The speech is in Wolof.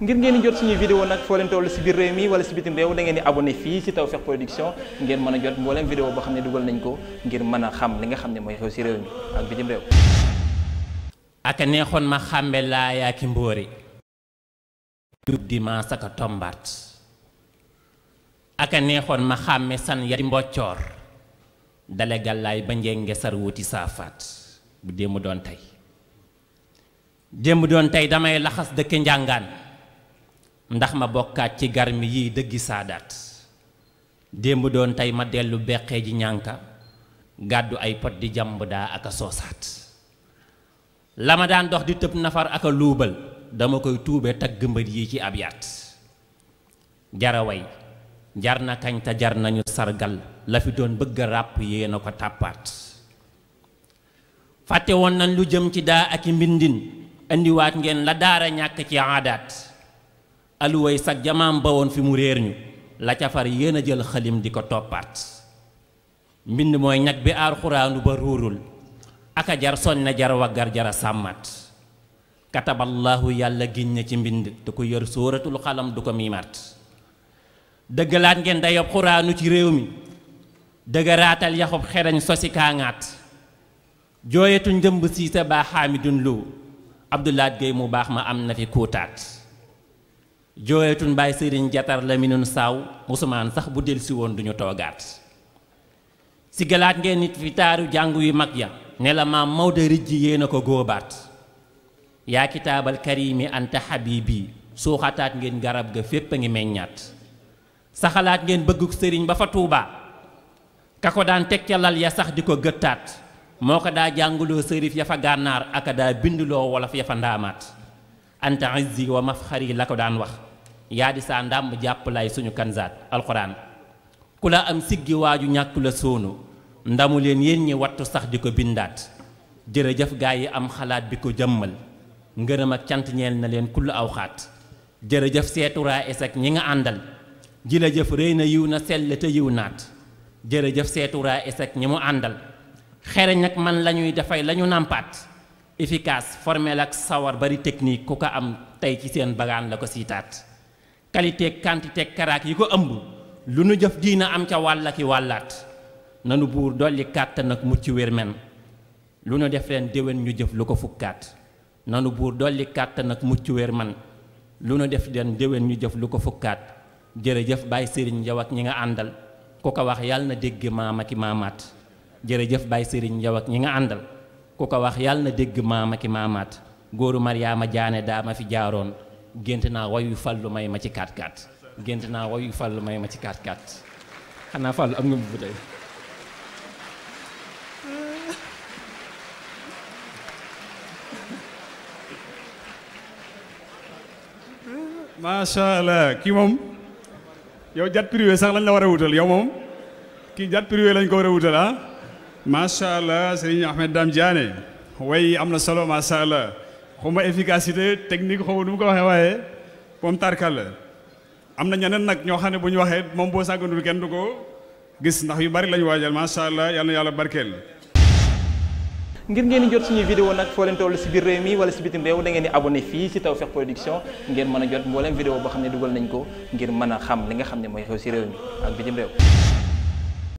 ngir ngeen di jot suñuy vidéo nag foo leen toll si biir réew mi wala si bitim réew da ngeen di abonné fii si Tawfekh Production ngeen mën a jot mbooleem vidéo boo xam ne dugal nañ ko ngir mën a xam li nga xam ne mooy xew si réew mi ak bitim réew aka neexoon ma xàmbe laa yaa ki mbóori jub aka neexoon ma xàmme san ya di mboccoor dale gàllaay ba njenge sar wuti saafaat bu démb doon tey démb doon tey damay laxas dëkk njàngaan ndax ma bokkaat ci garmi yiy dëggi saadaat démb doon tey ma dellu beqee ji ñànka gàddu ay pot di jàmb daa aka soosaat la ma daan dox di tëb nafar aka luubal dama koy tuube tagg mbër yi ci ab yaat jaraway jar na kañ jar nañu sargal la fi doon bëgg a ràpp yéena ko tàppaat fàtte woon nañ lu jëm ci daa ak i mbindin indiwaat ngeen la daara ñàkk ci aadaat aluway sag jamaam ba woon fi mu réer ñu la ca far jël xalim di ko toppaat mbind mooy ñag bi aar xuraanu ba ruurul aka jar soñ jar waggar jara sàmmat kataballaahu yàlla giñ ci mbind te ku yor sóoratul xalam du ko miimaat dëggalaat ngeen dayob xuraanu ci réew mi dëgëraatal yaxub xereñ sosi kaangaat jooyetu njëmb siise baa xaamidun lu abdulaat géey mu baax ma am na fi kuutaat jooyatun Baye Serigne Jatar Laminun Saaw Ousmane sax bu dellusi woon duñu toogaat si galaat ngeen nit fi taaru jàngu yu mag ya ne la maam Maodo rijji yéen a ko góobaat yaa kitaabal karimi anta habibi suuxataat ngeen garab ga fépp a ngi meññaat saxalaat ngeen bëgguk sëriñ ba fa tuubaa ka ko daan teg ca lal ya sax di ko gëttaat moo ko daa jànguloo sërif ya fa gànnaar aka daa binduloo wolof ya fa ndaamaat anta izzi wa mafxari la ko daan wax yaa di saa ndàmm jàpp lay suñu kanzaat alxuraan ku la am siggi waaju ñàkku la sóonu ndamu leen yéen ñi wattu sax di ko bindaat jërëjëf gaa yi am xalaat bi ko jëmmal ngërëm ak cant ñeel na leen kull aw xaat jërëjëf seeturaa esek ñi nga àndal jilajëf réy na yiw na sell te yiw naat jërëjëf seeturaa esek ñi mu àndal xereñ ak man lañuy dafay lañu nàmpaat efficace formel ak sawar bari technique ku ko am tey ci seen bagaan la ko siitaat qualité quantité karaak yi ko ëmb lu nu jëf diina am ca wàlla wàllaat nanu buur dolli kàttan ak mucc wér men lu nu def ren déwén ñu jëf lu ko fukkaat nanu buur dolli kàttan ak mucc wér man lu nu def ren déwén ñu jëf lu ko fukkaat jërëjëf Baye Serigne yow ak ñi nga àndal ku ko wax yàlla na dégg maama ki maamaat jërëjëf Baye Serigne yow ak ñi nga àndal ku ko wax yàlla na dégg maama ki maamaat góoru Mariama jaane daa ma fi jaaroon gént naa wayu fallu may ma ci kaat kaat gént naa wayu fallu may ma ci kaat kaat xanaa fallu am nga mbubb tey macha allah kii moom yow jat privé sax lañ la war a wutal yow moom kii jat privé lañ ko war a wutal ah macha allah Serigne Ahmed Dame Diané way am na solo macha allah xaw ma efficacité technique xaw ma mu ko waxee waaye moom tarkal am na ñeneen nag ñoo xam ne bu ñu waxee moom boo sàgganul kenn du ko gis ndax yu bari lañu waajal macha allah yal yàlla barkeel. ngir ngeen di jot suñuy vidéo nag foo leen toll si biir réew mi wala si bitim réew da ngeen di abonné fii si taw Tawfekh Production ngeen mën a jot mbooleem vidéo boo xam ne dugal nañ ko ngir mën a xam li nga xam ne mooy xew si réew mi